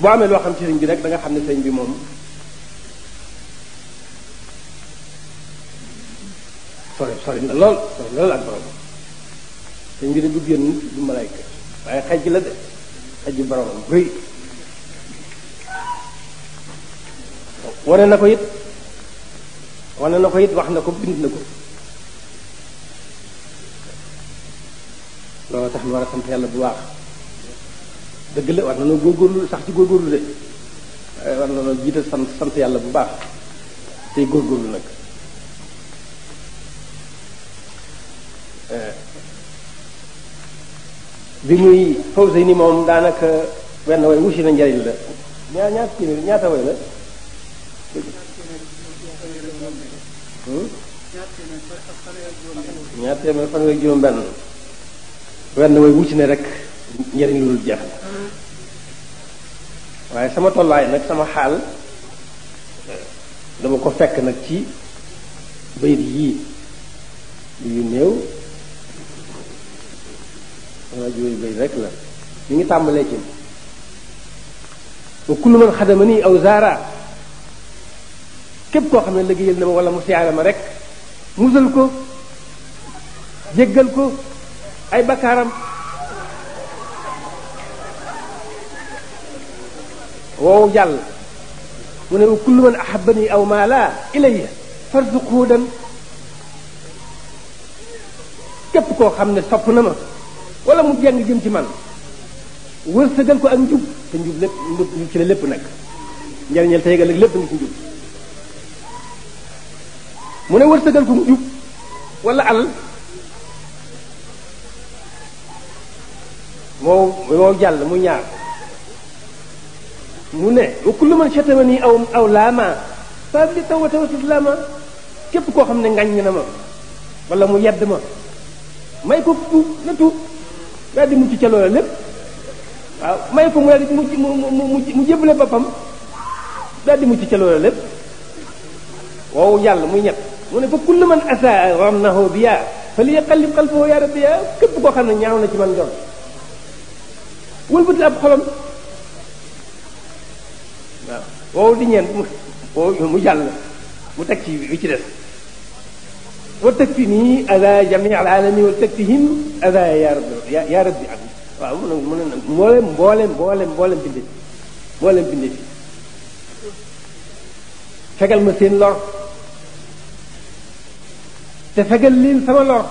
boo amee loo xam ci sëñ bi rek da nga xam ne sëñ bi moom sori sori na lool sori na lool ak borom sëñ bi ne du génn du malayka waaye xaj la de xaj boromam rëy wane na ko it wane na ko it wax na ko bind na ko loolu tax ñu war a sant yàlla bu baax dëgg la war na noo góorgóorlu sax ci góorgóorlu de war na noo jiital sant sant yàlla bu baax tey góorgóorlu nag eh, bi muy fawsé ni moom daanaka wenn way wusi na njariñ la ñaa ñaata hmm? téeméer la hmm? ñaata téeméer juróom benn wenn way wusi na rek njëriñ lu dul jeex la waaye sama tollaay nag sama xaal dama ko fekk nag ci bayit yii yu néew wala juróomi bayit rek la ñu ngi tàmbalee ci wa kullu man xadama nii aw zaara képp koo xam ne liggéeyal na ma wala mu siyaare ma rek musal ko jéggal ko ay bakaaram woowu jàll mu ne kullu man ahabbani aw maala ilayya farzuqhu dan képp koo xam ne sopp na ma wala mu jeng jëm ci man wërsëgal ko ak njub te njub lépp njub ci la lépp nag njariñal te yëgal ak lépp ngi ci njub mu ne wërsëgal ko njub walla alal moo moo jàll mu ñaar mu ne wa kullu man chatamani aw aw laama fa bi taw wa taw islaama képp koo xam ne ngañ na ma wala mu yedd ma may ko tuub na tuub daal di mucc ca lépp waaw may mu daal di mu mu mu jébbale boppam daal di mucc ca loola lépp wow yàlla muy ñett mu ne fa kullu man asaa ramnahu biya falyaqallib qalbahu képp koo xam ne ñaaw na ci man doon wëlbati ab xolam waaw woowu di ñeent mu woowu mu jàll mu teg ci bi ci des wa teg fi nii ada jami al alami wa teg fi him ada yaa rabbi yaa rabbi ak waaw mu ne mu ne mboolem mboolem mboolem mboolem bindee fi mboolem bindee fi fegal ma seen lor te fegal leen sama lor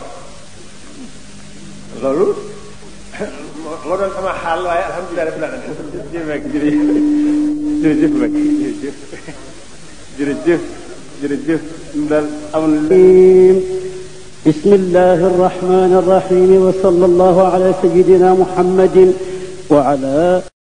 loolu moo doon sama xaal waaye alhamdulilah rabbil alamin jërëjëf jërëjëf mag jërëjëf jërëjëf jërëjëf daal am بسم الله الرحمن الرحيم وصلى الله على سيدنا محمد وعلى